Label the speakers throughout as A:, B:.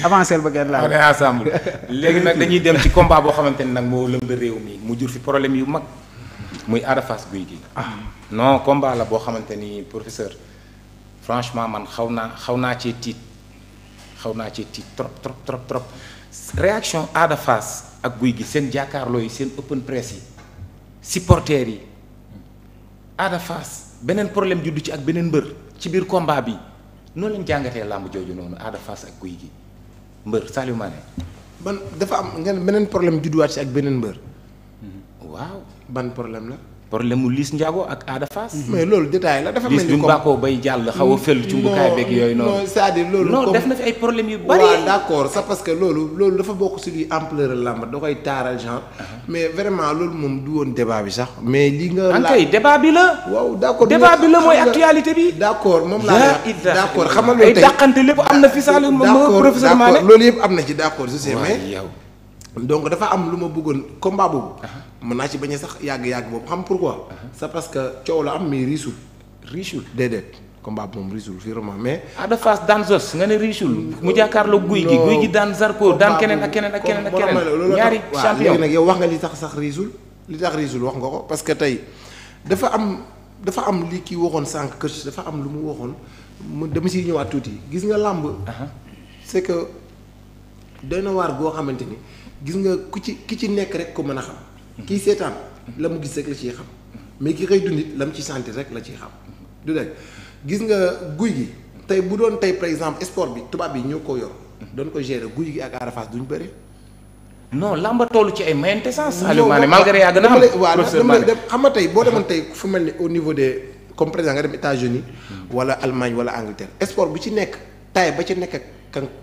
A: avancé ba ngeen laal. on est ensemble léegi nag dañuy
B: dem ci combat boo xamante ne nag moo lëmb réew mi mu jur fi problème yu mag muy Ada guy gi Gui. Ah. non combat la boo xamante ni professeur franchement man xaw naa xaw naa ci tiit xaw naa ci tiit trop trop trop trop réaction Ada ak Gouye gi seen jàkkaarloo yi seen open press yi supporters yi Ada beneen problème juddu ci ak beneen mbër ci biir combat bi noo leen jàngatee làmb jooju noonu Ada ak Gouye Gui. mbër Sadio Mané. ban dafa am nga beneen problème judduwaat si ak beneen mbër. waaw ban problème la. problème mu Liss Ndiago ak Ada Fass. Mhm. mais loolu détail la dafa mel ni comme bay jàll xaw a fël ci mbukaay beeg yooyu noonu. non cest loolu non def na que loolu loolu dafa bokk ci luy uh-huh. mais vraiment loolu moom du woon débat bi sax. mais li nga la ankay débat bi la. waaw d'accord bi la mooy actualité bi. d'accord moom laa wax d'accord xamal loolu tey lépp am na fi sax. d'accord d'accord loolu yëpp am na ci d'accord je sais mais. donc dafa am lu ma bëggoon combat boobu. mën naa ci bañ sax yàgg-yàgg boobu xam pourquoi. c'est parce que coow la am mais riisul. riisul déedéet. combat moom riisul vraiment mais. Ada ah, Fass daan Zos nga ne riisul. mu jàkkaarloo guy gi guy gi daan Zarko daan keneen ak keneen ak keneen ak keneen. ñaari champion waaw léegi nag yow wax nga li tax sax riisul li tax riisul wax nga ko parce que tey dafa am dafa am li kii waxoon sànq kër dafa am lu mu waxoon mu dama siy ñëwaat tuuti gis nga làmb. c'est que doy na waar goo xamante ni. gis nga ku ci ki ci nekk rek ko mën a xam kii seetaan la mu gis rek la ciy xam mais ki koy dundit la mu ci sentir rek la ciy xam du dégg gis nga guy gi tey bu doon tey par exemple sport bi tubaab yi ñëw ko yor doon ko gérer guy gi ak Ada du ñu bëre non lamba toolu ci ay mayante sens Aliou Mané malgré yaa gën a xam waaw dama dem xam nga tey boo demoon tey fu mel ni au niveau des comme par exemple nga dem États-Unis wala Allemagne wala Angleterre sport bi ci nekk taay ba ci nekk ak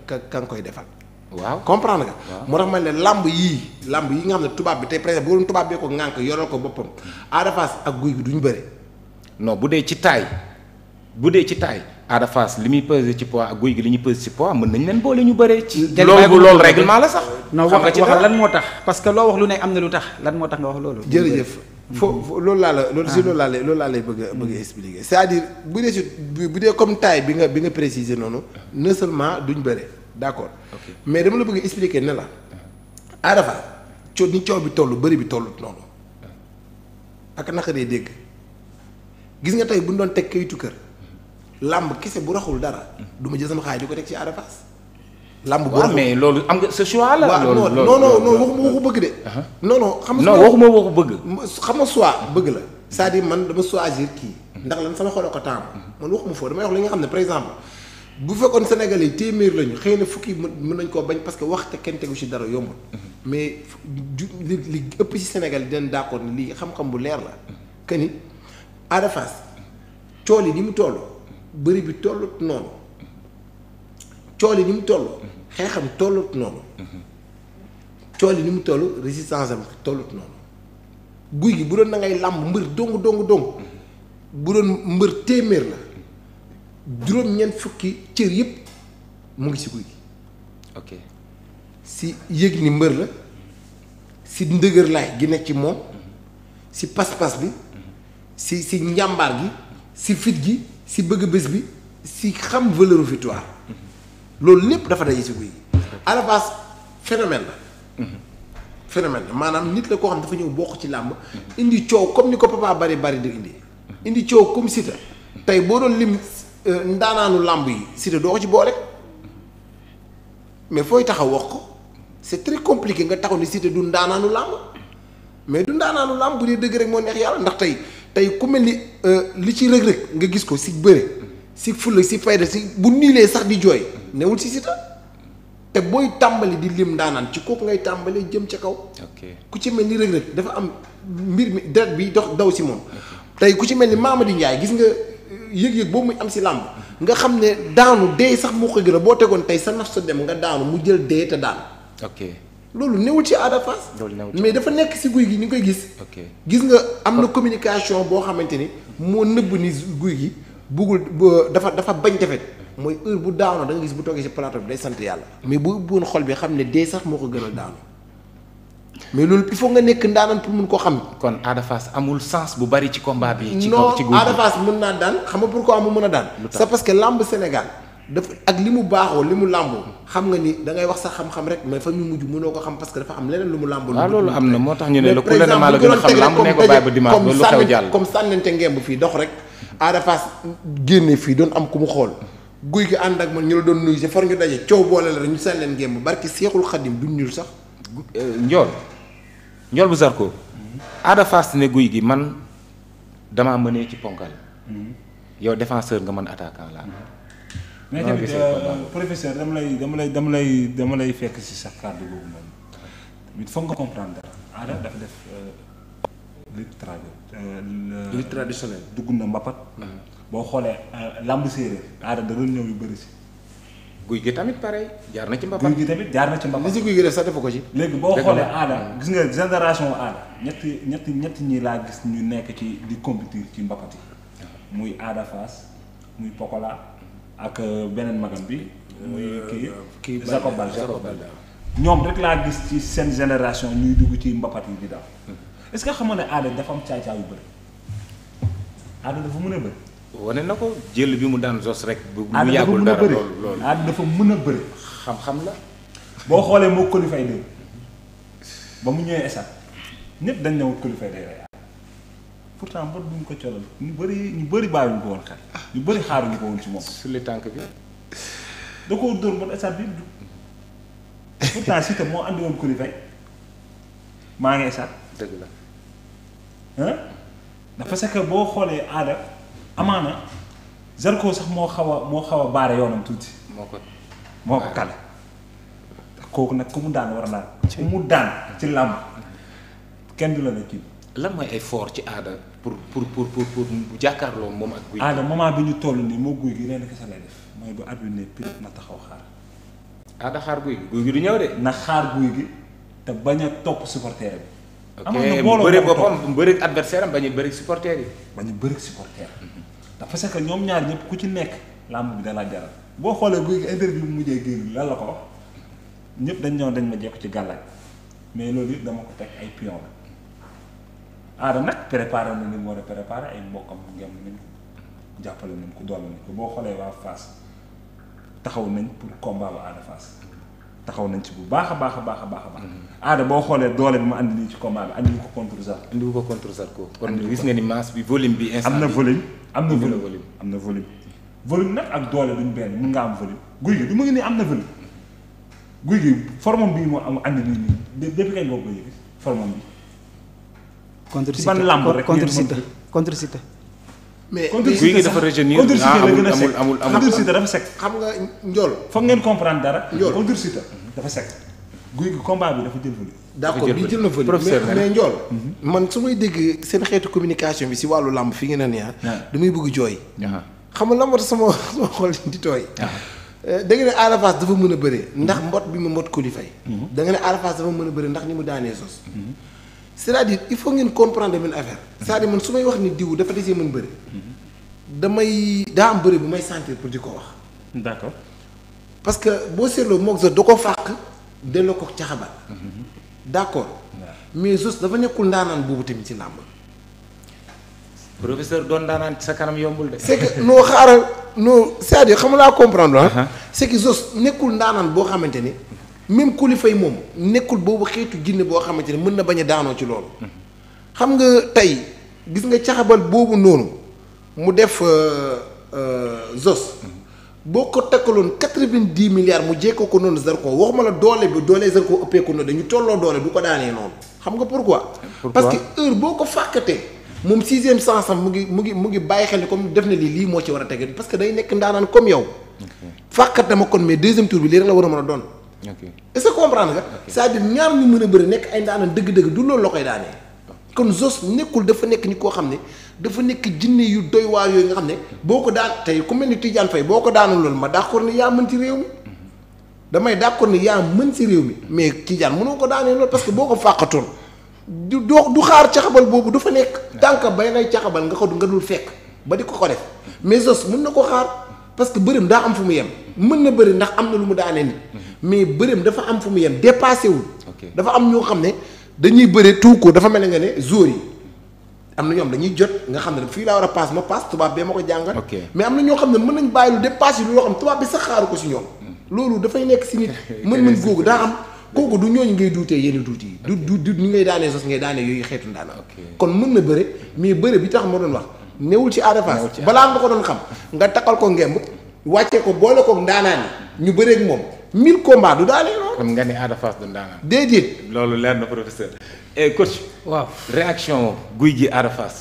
B: ka ka nga koy defal waaw comprendre nga. moo tax ma ne làmb yii làmb yi nga xam ne tubaab bi tey par exemple bu doon tubaab bee ko ŋànk yoral ko boppam Ada Fass ak guy bi duñ bëre. non bu dee ci taay bu dee ci taay. Ada Fass li muy pesé ci poids guy gi li ñuy pesé ci poids mën nañ leen boole ñu
A: bëree. ci loolu loolu règlement la sax. non wax lan moo tax. parce que loo wax lu ne am na lu tax lan moo
B: tax nga wax loolu. jërëjëf foo loolu laa la loolu si ah. loolu laa la loolu lay bëgg a a expliquer. bu dee ci bu dee comme taay bi nga bi nga préciser noonu non seulement duñ bëre. d' accord okay. mais dama la bëgg expliquer ne la Ada Fass coo ni coow bi toll bëri bi tollut noonu ak naka dee dégg gis nga tey bu ñu doon teg kayitu kër làmb kese bu raxul dara du ma jël sama xaalis di ko teg ci Ada Fass làmb boo mais loolu am nga sa choix la. waxuma waxu bëgg de. Uh-huh. non xam nga. non waxuma bëgg. xam nga choix bëgg la. saa à man dama choisir kii. ndax la sama xol ko taamu. Uh-huh. man waxuma foofu damay wax li nga xam ne par exemple. bu fekkoon Sénégal yi téeméer lañu xëy na fukki mën nañ koo bañ parce que wax te kenn tegu ci dara yombul. Mm-hmm. mais li ëpp ci Sénégal dinañ d'accord ni lii xam-xam bu leer la. Mm-hmm. que ni Ada Fass cool yi ni mu toll bëri bi tollut noonu cool yi ni mu toll mm-hmm. xeexam tollut noonu. cool yi ni mu toll résistance am tollut noonu guy gi bu doon na làmb mbër dong dong dong bu doon mbër téeméer la. juróom-ñeent fukki cër yëpp mu ngi si guy gi. ok si yëg ni mbër la si ndëgër laay gi nekk ci moom mhm. si pas-pas bi mhm. si si njàmbaar gi si fit gi si bëgg bis bi si xam valeur victoire mhm. loolu lépp dafa daje si guy gi. à la phénomène la. phénomène la maanaam nit la koo xam dafa ñëw bokk ci làmb. indi coow comme ni ko bari bari di indi. indi coow tey boo doon lim. Euh, ndaanaanu làmb yi Siteu doo ko ci boole mais fooy taxaw wax ko c'est très compliqué nga taxaw ni Siteu du ndaanaanu làmb mais du ndaanaanu làmb bu dee dëgg rek moo neex yàlla ndax tey tey ku mel ni euh, li ci rëg-rëg nga gis ko si bëre si fulla si fayda si bu niilee sax di jooy newul si Siteu te booy tàmbali di lim ndaanaan ci kooku ngay tàmbali jëm ca kaw. ku ci mel ni rëg-rëg dafa am mbir mi deret bi dox daw si moom. tey ku ci mel ni Mamady Ndiaye gis nga. yëg-yëg boobu muy am si làmb nga xam ne daanu dee sax moo ko gën a boo tegoon tey sa naf sa dem nga daanu mu jël dee te daanu. loolu newul ci Ada Fass mais dafa nekk si guy gi ñu ngi koy gis. gis nga am na communication boo xamante ni moo nëbb ni guy gi buggul dafa dafa bañ defet mooy heure bu daanoo da gis bu toogee si plateau bi day sant yàlla. mais bu ubboon xol bi xam ne dee sax moo ko gën a daanu. mais loolu il faut nga nekk ndaanaan pour mun koo xam. kon Ada amul sens bu bari ci combat bi. ci kaw ci naa daan xam nga pourquoi mu mën a daan. c'est parce que làmb Sénégal. dafa ak li mu baaxoo li mu làmboo xam nga ni dangay wax sa xam-xam rek mais fa ñu mujj noo ko xam parce que dafa am leneen lu mu làmboo. waaw loolu am na moo tax ñu ne la ku a xam fii doon am ku mu xool guy gi ànd ak man ñu la doon nuyu si far ñu daje coow boole la ñu sànneen ngemb barki seexul xadim duñ ñul sax euh, njool ñool bu Zarko. Mm-hmm. Ada Fass ne guy gi man damaa mënee ci ponkal. Mm-hmm. yow défenseur nga mën attaquant laa. Mm-hmm. mais tamit euh, professeur dama lay dama lay dama lay dama lay fekk si sa kàddu boobu noonu. tamit foog nga comprendre dara. dafa def euh, euh, lutte traditionnelle. dugg na mbapat. boo xoolee lamb séeréer. Ada da ñëw yu bëri si. guy gi tamit pareil jaar na ci mbapat guy gi tamit jaar na ci mbapat li si guy gi def sax defu ko ci. léegi boo xoolee aada mm. gis nga génération aada ñetti ñetti ñetti ñi laa gis ñu nekk ci di compétir ci mbapat yi muy aada Fass muy Pokola ak euh, beneen magam bi. Euh, muy euh, kii kii Jacob Bal Jacob Bal ñoom rek laa gis ci seen génération ñuy dugg ci mbapat yi di daal mm. est-ce que xam nga ne aada dafa am caay-caay yu bëri aada dafa mën a bëri. wane na ko jël bi mu daan jos rek. bu mu yàggul dara loolu loolu aada dafa mën a bëri xam-xam la. boo xoolee moo qualifié day ba mu ñëwee esat ñëpp dañ ne woon qualifié day ko colal ñu bëri ñu bëri bàyyiwuñu ko ñu bëri xaaruñu ko woon ci moom. sur tànk bi. da koo dóor ba pourtant si tam moo andi woon maa ngi esat. dëgg la ah. parce que boo xoolee aada. amaana Zarko sax moo xaw a moo xaw a baare yoonam tuuti. moo ko moo kale. kooku nag ku mu daan war naa ku mu daan ci làmb kenn du la ne kii. lan mooy ay fort ci aada pour pour pour pour pour bu jàkkaarloo moom ak. guy aada moment bi ñu toll nii moo guy gi leen kese lay def mooy bu at yu ne taxaw xaar. aada xaar guy gi guy gi du ñëw de. na xaar guy gi te bañ a topp supporter bi. amoon na mbooloo ok mu bëri boppam mu bëri adversaire bañ a bëri supporter yi. bañ a bëri supporter. dafa parce que ñoom ñaar ñëpp ku ci nekk làmb bi dala jaral boo xoolee guy interview mu mujjee génn lan la ko wax ñëpp dañ ñëw dañ ma jekku ci gàllaaj mais loolu it dama ko ay pion la aada nag na ni mu war ay mbokkam ngem nañ ko jàppale nañ ko doole nañ ko boo xoolee waa Fass taxaw nañ pour combat ba aada Fass taxaw nañ ci bu baax a baax baax baax a baax. Mm-hmm. aada boo xoolee doole bi ma andi nii ci combat bi andi ko contre Zarco. andi ko contre Zarco. kon gis nga ni masse bi volume bi. instant am na volume. am na volume am na volume. volume nag ak doole duñ benn mun nga am volume guy gi du ma ngi ne am na volume guy gi formam bii moo am andi nii nii depuis kañ boobu nga yëg formam bi.
A: contre Siteu ban làmb rek contre Siteu contre Siteu.
B: mais contre Siteu guy gi dafa régénir contre Siteu ah, la a sec contre Siteu dafa sec. xam nga njool. foog ngeen comprendre dara. njool contre dafa sec. guy gi combat bi dafa jël volume. d'accord bi jël na fa professeur mais man su may dégg seen xeetu communication bi si wàllu làmp fi ngeen ne nii ah. damay bëgg jooy. Ah. xam nga lan sama sama xol di tooy. Ah. Eh, da nga ne Ada dafa mën a bëre ndax mm-hmm. mbot bi mu mbot ko li fay. da nga ne Ada dafa mën a bëre ndax ni mu daanee sos. Mm-hmm. c'est-à-dire il faut ngeen comprendre benn affaire. Mm-hmm. c'est-à-dire man su may wax ni diw dafa desee mën bëre. damay daa am bëre bu may sentir pour di ko wax. d'accord parce que boo seetloo moog sax da ko fàq delloo ko caxabal. d'accord mais Zoss dafa nekkul ndaanaan boobu tamit ci làmb. professeur doon ndaanaan ci sa kanam yombul de. c'est que noo xaaral noo c'est-à-dire laa comprendre ah. Uh-huh. c'est nekkul ndaanaan boo xamante ni même kulifay moom nekkul boobu xeetu ginne boo xamante ni mën na bañ a daanoo ci loolu. Uh-huh. xam nga tey gis nga caxabal boobu noonu mu def euh, euh, Zoss. Uh-huh. boo ko takkaloon quatre-vingt-dix milliards mu jékkoo ko noonu Zarko waxuma la doole bi doole Zarko ëppee ko noonu dañu tolloo doole du ko daanee noonu xam nga pourquoi. parce que heure boo ko fàkkatee moom sixième sens am mu ngi mu ngi mu ngi bàyyi xel ni comme def na lii lii moo ci war a tege parce que day nekk ndaanaan comme yow. fàkkat dama kon mais deuxième tour bi lii rek la war a mën a doon. est-ce que comprendre nga. cest ñaar ñu mën a bëri nekk ay ndaanaan dëgg du loolu la koy daanee. kon Zos nekkul dafa nekk ni koo xam ne. dafa nekk jinne yu doy waar yooyu nga xam ne boo ko daan tey ku mel ni Tidiane Faye boo ko daanu loolu ma d'accord ni yaa mën ci réew mi damay d'accord ni yaa mën ci réew mi mais Tidiane mënoo ko daanee loolu parce que boo ko fàqatoon du doo du xaar caxabal boobu dafa nekk tànk bay ngay caxabal nga ko nga dul fekk ba di ko ko def mais Zoss mën na ko xaar parce que bërëm daa am fu mu yem mën na bëri ndax am na lu mu daanee nit mais bërëm dafa am fu mu yem dépassé wul dafa am ñoo xam ne dañuy bëre tout ko dafa mel ne nga ne jour yi am na ñoom dañuy jot nga xam ne fii laa war a paas ma paas tubaab bee ma ko jàngal mais am na ñoo xam ne mën nañ bàyyi lu dépasse yi loo xam tubaab bi sax xaaru ko si ñoom loolu dafay nekk si nit mën-mën googu daa am kooku du ñooñu ngay duutee yenn duut yi du du du ñi ngay daanee sos ngay daanee yooyu xeetu ndaana kon mën na bëre mais bëre bi tax ma doon wax newul ci Ada balaa nga ko doon xam nga takkal ko ngemb wàccee ko boole ko ndaanaan yi ñu bëreeg moom mille combat du daanee loolu. kon na professeur. Eh, coach. waaw réaction guy gi Ada Fass.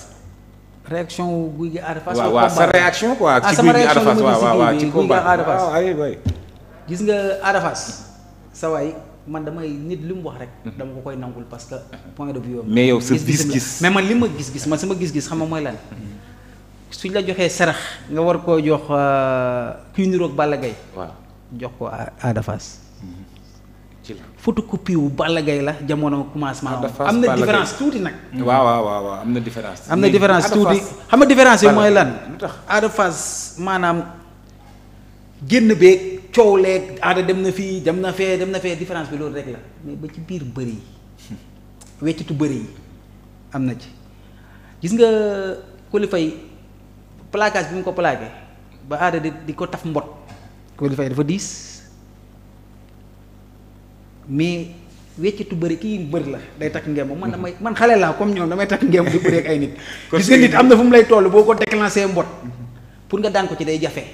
A: réaction wu guy gi Ada waaw waaw sa réaction gis nga Ada Fass man damay nit li mu wax rek. dama ko koy nangul parce que point de vue mais yow gis-gis mais man li ma gis-gis man sama gis-gis xam mooy lan. suñ la joxee sarax nga war ko jox euh, kuy niroog Balla Gaye. jox ko Ada photocopie wu Balla Gaye la jamono commencement am na différence tuuti nag mm. waaw waaw waaw am na différence am na différence tuuti xam nga différence yi mooy lan Ada fas maanaam génn beeg coow leeg aada dem na fii dem na fee dem na fee différence bi loolu rek la mais ba ci biir bëri yi hmm. weccitu bëri yi am na ci gis nga qualifier plaquage bi mu ko plaqué ba aada di di ko taf mbot qualifier dafa diis mais weccitu bëri kii bëri la day takk ngemb man damay man xale laa comme ñoom damay takk ngemb di bëreek ay nit. gis nga nit am na fu mu lay toll boo ko déclenché mbot. Mhm. pour nga daan ko ci day jafe.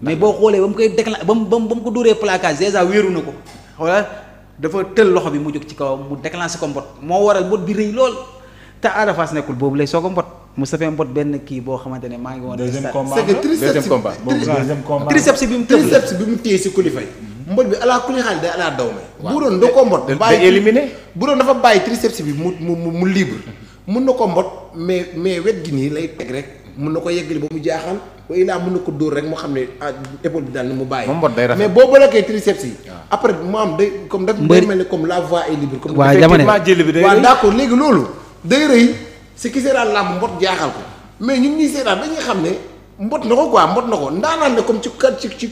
A: mais boo xoolee ba mu koy déclenché ba mu ba mu ko dóoree placage déjà wéeru na ko xoola dafa tël loxo bi mu jóg ci kawam mu déclenché ko mbot moo waral mbot bi rëy lool te Ada Fass nekkul boobu lay soog a mbot. Moustapha Mbodj benn kii boo xamante ne maa ngi woon. deuxième combat deuxième combat bi mu tëb
B: la kulifay mbot bi ala kulli xaalis day ala daw me bu doon da koo mbot bàyyi éliminé bu doon dafa bàyyi triceps bi mu mu mu libre mun na ko mbot mais mais wet gi nii lay teg rek mun na ko yegg yeggali ba mu jaaxal wa ilaa mun na ko dóor mu xam ne ah épaule bi daal ni mu bàyyi mais boo bloqué triceps yi après mu am day comme comme la voie est libre comme effectivement jël mbot jaaxal ko mais ñun ñuy seetaan dañuy xam ne mbot na ko quoi mbot na ko ndaanaan ne comme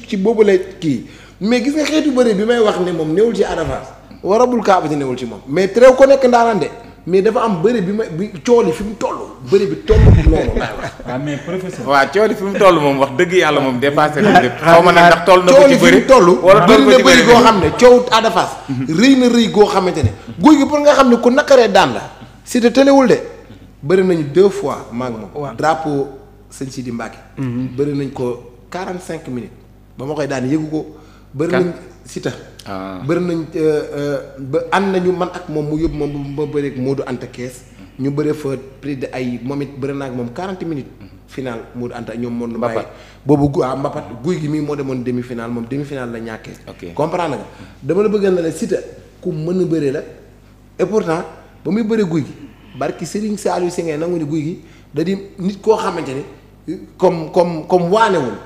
B: ci boobu la kii mais gis nga xeetu bëri bi may wax ne moom newul ci Ada Fass warabul kaabati newul ci moom mais tereew ko nekk ndaanaan de mais dafa am bëri bi ma bi cooli fi mu toll bëri bi toll noonu laay wax. Ah, waaw mais cooli fi mu toll moom wax dëgg yàlla moom dépassé na ah, ma ne ndax toll na ko bëri cooli wala toll goo xam ne coow Ada Fass. rëy na rëy goo xamante ne. guy gi pour nga xam ne ku nakaree daan la. si te tëlewul de bëri nañu deux fois maa ngi moom. waaw drapeau si Sidi Mbacke. Mhm. bëri nañ ko 45 minutes ba ma koy daan yëgu ko. bëri nañ sita ah. bëri nañ euh, euh, ba ànd nañu man ak moom mu yóbbu moom ma bëreeg Modou Anta Kees mm-hmm. ñu bëri fa prix de ay moom it bëri naa ak moom 40 minutes mm-hmm. final Modou Anta ñoom moon mbapat boobu waaw ah, mbapat guy gi mii moo demoon demi final moom demi final la ñàkkee comprendre nga mm-hmm. dama la bëgg na la sita ku mën a bëre la et pourtant ba muy bëre guy gi barki Serigne Saliou si ngay nangu ni guy gi da nit koo xamante ni comme comme comme waanewul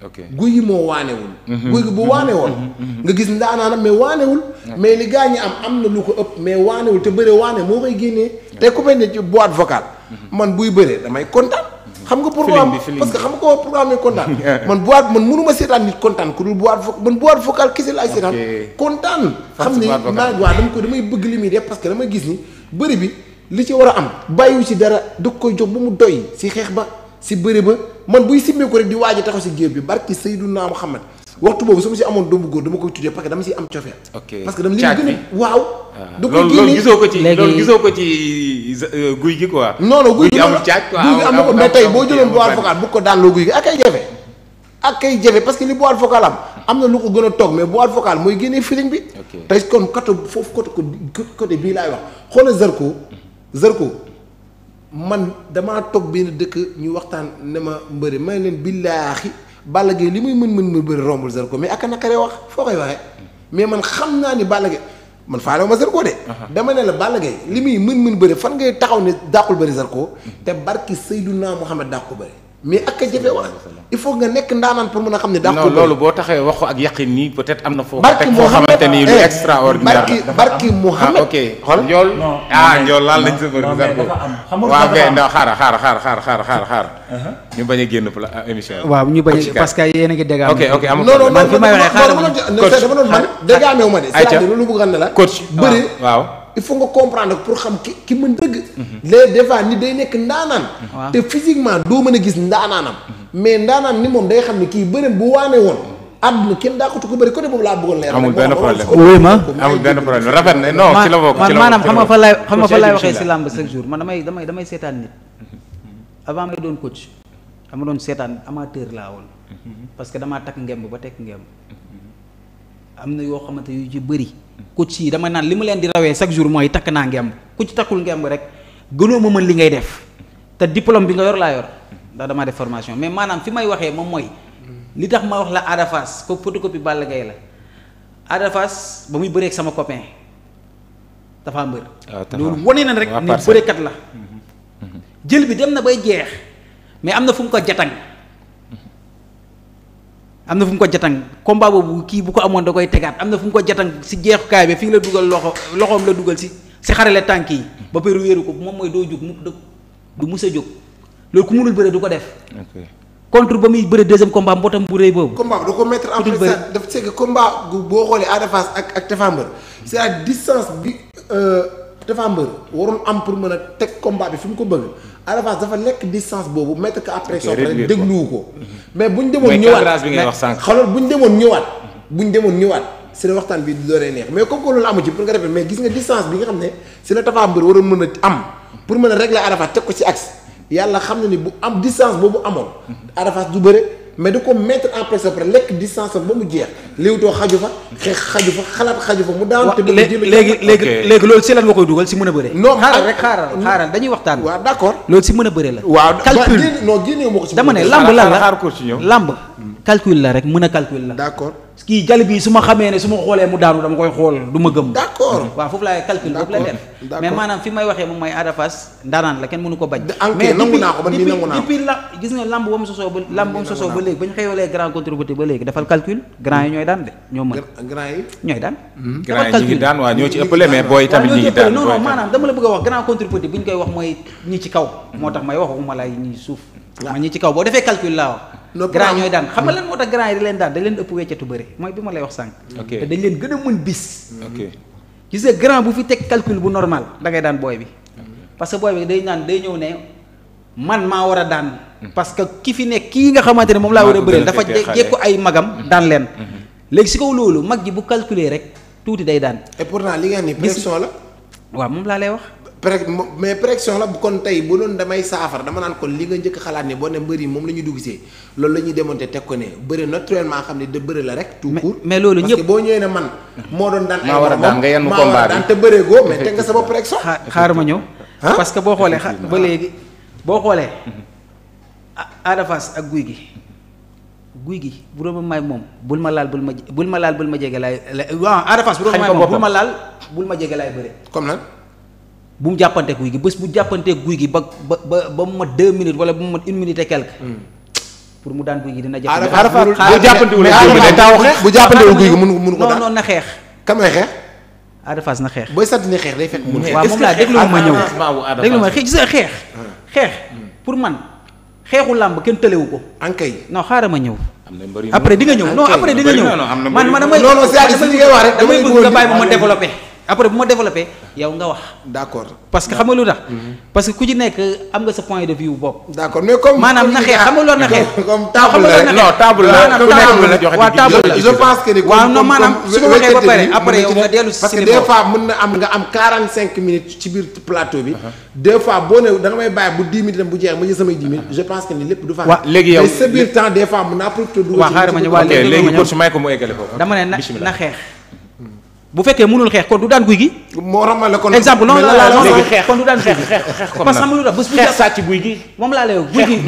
B: guy gi moo waanewul mhm. guy gi bu waane woon mhm. mhm. nga gis ndaanaanam mais waanewul mais li gaa ñi am am na lu ko ëpp mais waanewul te bëre waane moo koy génnee te ku mel ne ci boîte vocale man buy bëree damay kontaan xam nga programme parce que xam nga ko programme yi kontaan man boîte man mënuma seetaan nit kontaan ku dul boîte voc man boîte vocale kese laay seetaan kontaan xam ne maa waa dama ko damay bëgg li muy def parce que dama gis ni bëri bi li ci war a am bàyyiwu ci dara da koy jox ba mu doy si xeex ba si bëri ba man buy simmeeku rek di waaj a taxaw si géew bi barki Seydunaa Muhammad waxtu boobu su ma si amoon doomu góor dama koy tuddee parce que dama si am cofeel parce que dama li a waaw ah. ko ci loolu ko ci euh, guy quoi non guy gi amul caaj quoi guy gi am tey boo jëloon boîte vocale bu ko daan loo guy gi ak que li boîte vocale am am na lu ko gën a toog mais boîte vocale mooy génnee feeling bi tey kon côté foofu côté côté bii laay wax xoola Zarko Zarko man damaa toog benn dëkk ñu waxtaan ne ma mbëri may leen billaahi Balla Gaye li muy mën mën mu bëri rombul Zarko mais ak nakaree wax foo koy waxee mais man xam naa ni Balla Gaye man faale ma Zarko de dama ne la Balla Gaye li muy mën mën bëri fan ngay taxaw ne dàqul bëri Zarko mhm. te barki naa Seydunaa Muhammad dàqu bëri mais ak a jafe wax il faut nga nekk ndaanaan pour mën a xam ne. daa ko non loolu boo taxee ko ak yaqin nii peut-être am na. foo ko foo xamante ni lu extraordinaire la barki Mouhamed ok xool njool. ah a génn émission a a
A: ngi dégg. ok ok amul problème man fi may waxee xaaral ma coach
B: dafa doon ma a ne la. coach waaw. il faut nga comprendre pour xam ki ki mën dëgg. Mhm. les des fois ni day nekk ndaanaan. te physiquement doo mën a gis ndaanaanam. Mhm. mais ndaanaan ni moom day xam ne kii bëreem bu waane woon. àdduna kenn daaxutu ko bëri côté boobu laa bëggoon leer. amul benn problème wóoy ma amul benn problème ci la bokk ci la bokk maanaam xam nga lay waxee si làmb
A: chaque jour man damay damay damay seetaan nit. avant may doon coach dama doon seetaan amateur laa woon. Mhm. parce que damaa takk ngemb ba tekk ngemb. am na yoo xamante yu ci bëri. coach yi dama naan li ma leen di rawee chaque jour mooy takk naa ngemb ku ci takkul ngemb rek gënoo ma mën li ngay def te diplôme bi nga yor laa yor ndax damaa def formation mais maanaam fi may waxee moom mooy li tax ma wax la Ada Fass ko photocopie Balla Gaye la Ada ba muy bëreek sama copain dafa mbër ah, loolu wane na rek ni bërekat la mhm. jël bi dem na bay jeex mais am na fu mu ko jatan am na fu mu ko jatang combat boobu kii bu ko amoon da koy tegaat am na fu mu ko jatan si jeexukaay bi fi nga la dugal loxo loxoom la dugal si si xarale tànk yi ba pare wéeru ko moom mooy doo jóg mu du mus a jóg loolu ku munul bëre du ko def.
B: contre ba muy bëre deuxième combat bu rëy boobu. combat bi da ko mettre en place boo xoolee Ada ak ak Tapha Mbeur c'est à distance bi euh, Tapha Mbeur waroon am pour mën a teg combat bi fi mu ko bëgg. à la base dafa nekk distance boobu mettre ko après son président dégluwu ko mais buñ demoon ñëwaat bi ngay buñ demoon ñëwaat buñ demoon ñëwaat seen waxtaan bi du dooree neex mais comme que loolu amu ci pour nga répéter mais gis nga distance bi nga xam ne si la Tapha Mbeur waroon mën a am pour mën a régler Arafat teg ko ci axe yàlla xam na ni bu am distance boobu amoon Arafat du bëre mais da ko mettre en place après lekk distance ba mu jeex liwtoo xaju fa xeex xaju fa xalaat xaju fa mu daan te léegi léegi léegi loolu si lan nga koy dugal si mën a bëre non
A: xaaral xaaral dañuy waxtaan waa d'accord loolu si mën a bëre la waaw calcul non
B: génne moo ko si dama ne lamb lan
A: la calcul la rek mën a calcul la. d' accord kii jali bii su dama koy xool du ma gëm. d' foofu laay calcul foofu la defal calcul grand yi ñooy daan de ñoo mën. grand yi ñooy daan. Hmm. defal calcul grand ñoo ci ëppale mais booy tamit ñu ngi daan non maanaam dama la bëgg a wax grand contributeur bi ñu koy wax mooy ñi ci kaw moo tax may waxuma lay ñi suuf ah. ma ñi ci kaw boo defee calcul laa wax grand ñooy daan xam nga lan moo tax grand yi di leen daan dañ leen ëpp weccatu bëri mooy bi ma lay wax sànq te dañ leen gën a mën bis gis nga grand bu fi teg calcul bu normal da ngay daan booy bi parce que booy bi day naan day ñëw ne man maa war a daan mhm. parce que ki fi nekk kii nga xamante ne moom laa war a bëreel dafa jekku ay magam mhm. daan leen mhm. léegi si kaw loolu mag ji bu
B: calculer rek tuuti day daan et pourtant li ngeen ni pression la waaw moom laa lay wax pré mais pression la kon tey bu doon damay saafara dama naan kon li nga njëkk xalaat ne boo ne mbër moom la ñu loolu la ñuy démonté teg ko ne bëri naturellement xam ne de bëri la rek. tout court mais loolu ñëpp boo ñëwee man. moo doon daan ay war a daan nga yenn combat bi maa te bëree goo mais teg nga sa bopp ma ñëw. parce que boo xoolee xa ba léegi
A: boo xoolee. Ada Fass ak guy gi. guy gi bu doon may moom bul ma laal bul ma bul ma laal bul ma jege laay waaw Ada Fass bu doon may moom bul ma laal bul ma jege laay bëre comme lan bu mu jàppante guy gi bés bu jàppantee guy gi ba ba ba ba mu ma deux minutes wala ba mu mat une minute et quelque. Hmm. pour mu daan guy gi dina jafe. aar aar bu jàppante wala bu jàppante wala guy gi mënu mënu ko daan non non na xeex. kam lay xeex. xeex. booy sant ne hmm. laa déglu ma ñëw
B: déglu ma xeex gis nga hmm.
A: xeex. pour man xeexu làmb kenn tëlewu ko. ankay non xaaral ma ñëw.
B: après di nga ñëw non après di nga ñëw. man man damay damay bëgg nga bàyyi ma ma développé
A: après bu ma développé yow nga wax. d' accord parce que xam nga lu tax. Mm-hmm. parce que ku ci nekk am nga sa point de vue bopp. d' accord mais comme maanaam naxee xam nga loolu naxee. comme table la la la je maanaam su ma waxee ba pare après yow nga dellu si.
B: na am nga am 45 minutes ci biir uh-huh. boo nee da nga may bàyyi bu 10 minutes dem
A: ko mu eggale ko. dama ne na xeex
B: bu fekkee mënul xeex kon du daan guy gi. moo ràmmale kon exemple noonu la la léegi du daan xeex
A: xeex xeex comme parce que xam nga moom laa lay xeex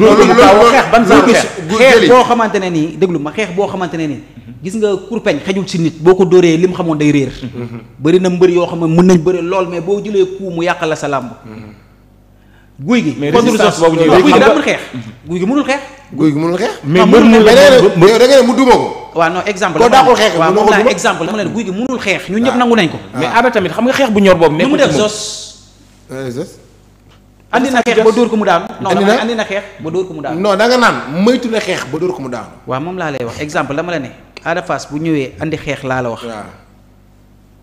A: ban xeex boo xamante ne nii déglu ma xeex boo xamante ne nii mhm. gis nga kurpeñ xejul si nit boo ko dóoree li mu xamoon day réer mhm. bëri na mbër yoo xam ne mën nañ bëri lool mais boo jëlee coup mu yàqal la sa làmb mhm. guy gi mais résistance boobu guy gi daa mën xeex guy gi mënul xeex guy gi
B: mais mbër na da
A: nga ne mu duma ko waaw non exemple koo daaxul xeex waaw moom laa exemple dama leen guy gi mënul xeex ñun ñëpp ah. nangu nañ ko mais abe tamit xam nga xeex bu ñor boobu nekkul mu def zos eh, andi na xeex ba dóor ko mu daanu. andi na andi na xeex ba dóor mu daanu. non da naan moytu xeex ba dóor ko mu daanu. waaw moom laa lay wax exemple dama la ne. Ada bu ñëwee andi xeex laa la wax. waaw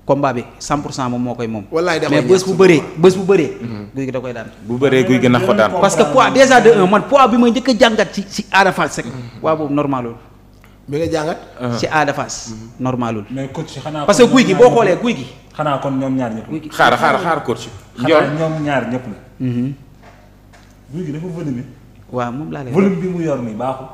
A: combat bi 100 pour cent moom moo koy moom. wallaay mais bés bu bëree bés bu bëree. guy gi da koy daan. bu bëree guy gi nax ko daan. parce que poids déjà de un man poids bi ma jëkk jàngat ci ci Ada Fass rek. waaw mhm. boobu normal loolu. bi nga jàngat. Uh-huh. ci Ada Fass. Mm-hmm. normalul mais coach
B: xanaa parce que guy gi boo xoolee guy gi. xanaa kon ñoom ñaar ñëpp. guy xaar xaar xaar coach. xanaa ñoom ñaar ñëpp la. Mm-hmm. guy gi dafa volume. waaw moom laa lay volume bi mu yor nii baaxul.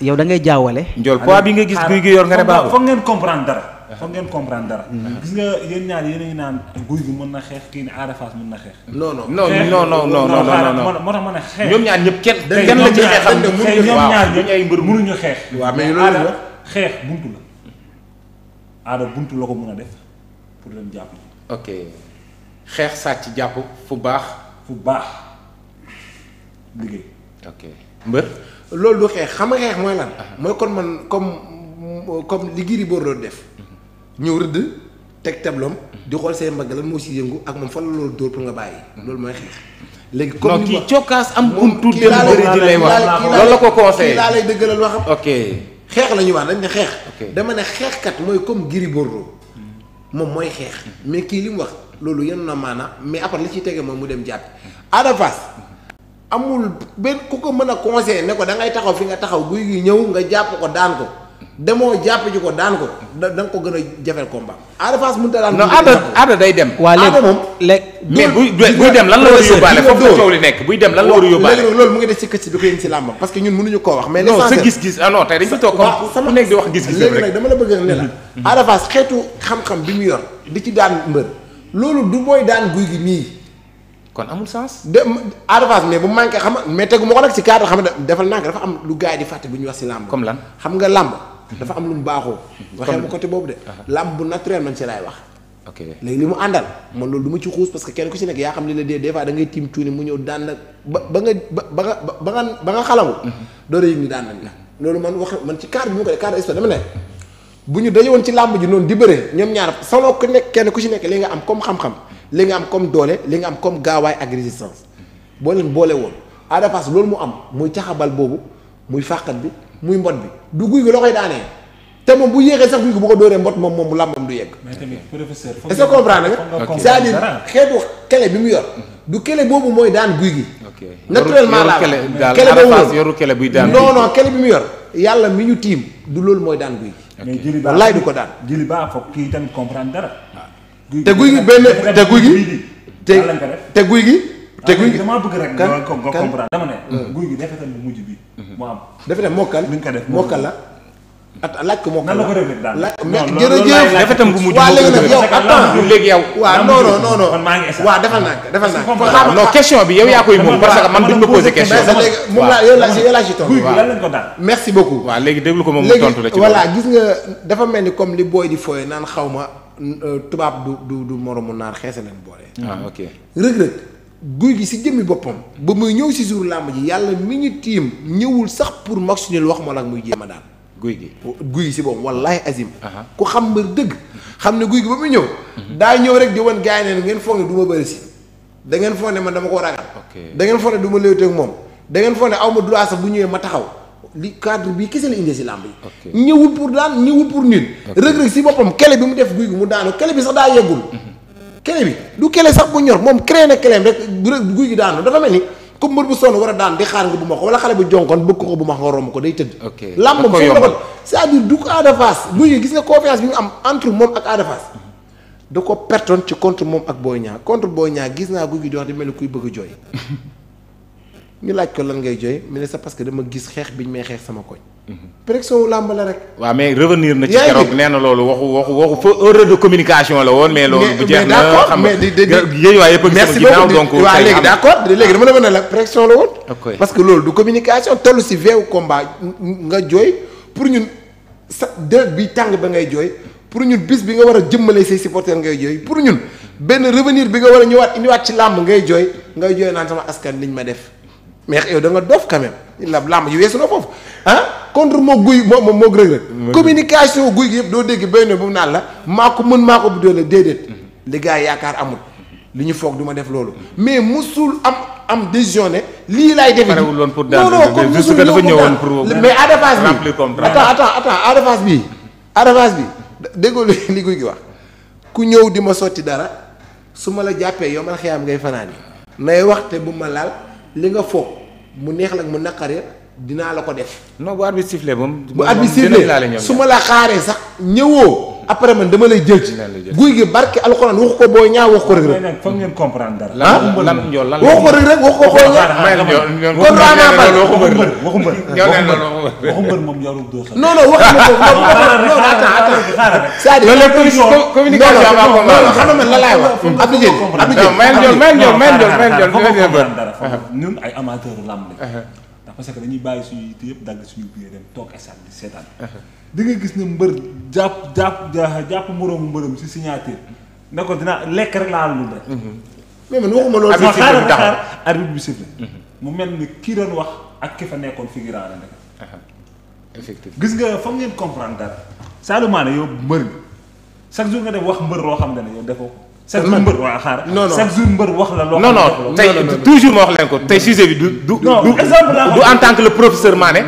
A: yow da ngay jaawale. njool poids bi nga gis guy gi yor nga ne baaxul
B: ngeen comprendre foog ngeen comprendre dara. gis nga yéen ñaar yéen a ngi naan guy gi mën na xeex kii ni Ada Fass mën na xeex. non non non non non non non non moo tax ma ne xeex. ñoom ñaar ñëpp kenn kenn la ci xam ne mënuñu xeex waaw ñoom ñaar ñëpp mënuñu xeex. waaw mais loolu la xeex buntu la. Ada buntu la ko mën a def pour dem jàpp. ok xeex sàcc jàpp fu baax. fu baax liggéey. ok mbër. loolu du xeex xam nga xeex mooy lan. mooy kon man comme comme li Gris Bordeaux def. ñëw rëdd teg tableau di xool say mbagg lan moo si yëngu ak moom fan la loolu dóor nga bàyyi loolu mooy xeex. léegi comme ni ma cokkaas am. buntu dem bëri di lay la ko conseillé laa lay dëggalal waxam. ok xeex la ñu wax dañ ne xeex. dama ne xeexkat mooy comme Gris Bordeaux moom mooy xeex mais kii li mu wax loolu yenn na maana mais après li ci tege moom mu dem jàpp Ada Fass amul benn ku ko mën a conseil ne ko da ngay taxaw fi nga taxaw guy gi ñëw nga jàpp ko daan ko. demoo jàpp ji ko daan ko da nga ko gën a jafeel combat. Ada Fass mënut a daan. non Ada Ada day dem. waa léegi moom mais buy lan la war a nekk buy dem lan la war a yóbbaale. loolu mu ngi des ci kër si ah mhm. bi ko yéen si làmbam yor di ci daan mbër loolu du mooy daan guy gi nii. kon amul sens. de Ada Fass bu manqué xam mais tegu ma ko nag ci cadre xam ne defal naa ko dafa am lu gars yi di fàtte bu ñu wax ci làmb. comme lan xam nga làmb dafa am lu mu baaxoo. waxee ma côté boobu de. Uh-huh. làmb bu naturel man ci laay wax. ok léegi li mu àndal man loolu du ma ci xuus parce que kenn ku ci nekk yaa xam li la dee des fois da ngay tiim cuuni mu ñëw daan la ba ba nga ba nga ba nga xalamu. Uh-huh. door a yëg ni daan nañ loolu man wax man ci cadre bi mu ko def cadre sport dama ne bu ñu dajewoon ci làmb ji noonu di bëree ñoom ñaar solo ku nekk kenn ku ci nekk li nga am comme xam-xam li nga am comme doole li nga am comme gaawaay ak résistance boo leen boole woon Ada Fass loolu mu am muy caxabal boobu muy fàqat bi muy mbot bi du guy gi loo koy daanee te moom bu yéexee sax guy gi bu ko dóoree mbot moom moom làmbam du yegg. mais tamit professeur. est ce que comprendre nga cest xeetu kele bi mu yor. du kele boobu mooy daan guy gi. naturellement la kele boobu yoru kele buy daan non non kele bi mu yor yàlla mi ñu tiim du loolu mooy daan guy gi. mais jëli ba laay du ko daan. jëli ba foog kii itam comprendre dara. te guy gi benn te guy gi te guy gi. te ah, guy gi damaa rek. nga comprendre dama ne. Mm. guy gi defetam bu mm-hmm. ko def mokkal la. at laaj ko mokkal la nan la ko defee daal. non bu mujj waaw léegi nag yow attends léegi yow. waaw non non question bi yow yaa moom parce man duñ ma posé question. merci beaucoup. waaw léegi déglu ko moom mu tontu la ci voilà dafa mel ni comme li booy di fooy naan xaw ma euh, tubaab du du du moromu naar xeese leen boole. ah ok rëg rëg guy gi si jëmmi boppam ba muy ñëw si jour làmb ji yàlla mi ñu tiim ñëwul sax pour maxinel wax ma la ak muy jéem a daan guy gi guy gi si boppam wallahi azim ku xam mbër dëgg xam ne guy gi ba muy ñëw mhm. daa ñëw rek di wan gars ngeen foog ne du da ngeen foog ne man dama ko ragal da ngeen foog ne du ngeen foog aw ma droit bu ñëwee ma taxaw li cadre bi kese la indee si làmb yi ñëwul pour ñëwul pour nit rëg-rëg si boppam kele bi mu def guy gi mu daanu kele bi sax daa yeggul mhm. kele bi du kele sax bu ñor moom créé na keleem rek guy gi daanu dafa mel ni comme mbër bu sonn war a daan di xaar nga bu ma ko wala xale bu jonkoon bëgg ko bu max nga romb ko day tëdd làmb moom fii la ko c'est-à-dire du ko Ada guy gi gis nga confiance bi mu am entre moom ak Ada Fass ko pertoon ci contre moom ak Boy ñaa contre Boy ñaa gis naa guy gi di wax di mel ni kuy bëgg a jooy ñu laaj ko lan ngay jooy mu ne sax parce que dama gis xeex biñ may xeex sama koñ. Mhm. pression wu làmb la rek. waa mais revenir na ci keroog nee na loolu waxu waxu waxu fa erreur de communication la woon. mais loolu bu jeex na xam nga yéen a gis sama ginnaaw donc waaw léegi la pression la woon. parce que loolu du communication toll si veewu combat nga jooy pour ñun sa deret bi tàng ba ngay jooy pour ñun bis bi nga war a jëmmalee say supporters ngay jooy pour ñun benn revenir bi nga war a ñëwaat indiwaat ci làmb ngay jooy ngay jooy naan sama askan liñ ma def mais yow da nga doof la làmb yu weesu na foofu ah contre moo moo moom moo rëg rëg communication guy gi yëpp doo dégg benn bu mu naan la maa ko mën maa ko bu doole déedéet mm-hmm. li gars yaakaar amut li ñu foog du ma def loolu mais musul am am décision ne lii laay defe non non comme musul ñëwoon pour mais Ada Fass bi attends attends attends Ada Fass bii Ada Fass bi déggoo li guy gi wax ku ñëw di ma sotti dara su ma la jàppee yow ma man xëyaam ngay fanaan yi nay waxte bu ma laal li nga foog mu neex la mu naqare dinaa la ko def. non bu arbitre sifflé moom. bu arbitre sifflé su ma la xaaree sax ñëwoo. après man dama lay jël ci. guy gi barke alxuraan wax ko booy ñaaw wax ko rek rek. mais foog ngeen comprendre dara. lan rek rek wax ko booy ñaaw. kon Ama Baldé waxu mbër waxu mbër waxu mbër moom yorul doo sax. non man la laay wax. Abdou Dieng Abdou Dieng. non mayen njool mayen njool mayen njool mayen njool ñun parce que dañuy bàyyi suñu yitte yëpp dagg suñu biir dem toog stade di seetaan di nga gis ne mbër jàpp jàpp jàpp moroomu mbërëm si signature ne ko dinaa lekk rek laa lu de
A: mais man waxuma loolu sax xaar
B: arbitre bi siffle mu mel ni kii doon wax ak ki fa nekkoon figurant la nekk effectivement gis nga foog ngeen comprendre dara Sadio Mané yow mbër nga chaque jour nga def wax mbër loo xam ne ne yow defoo ko chaque jour mbër waaw xaaral non non chaque jour toujours ma wax leen tey sujet bi du du en tant que le professeur Mané.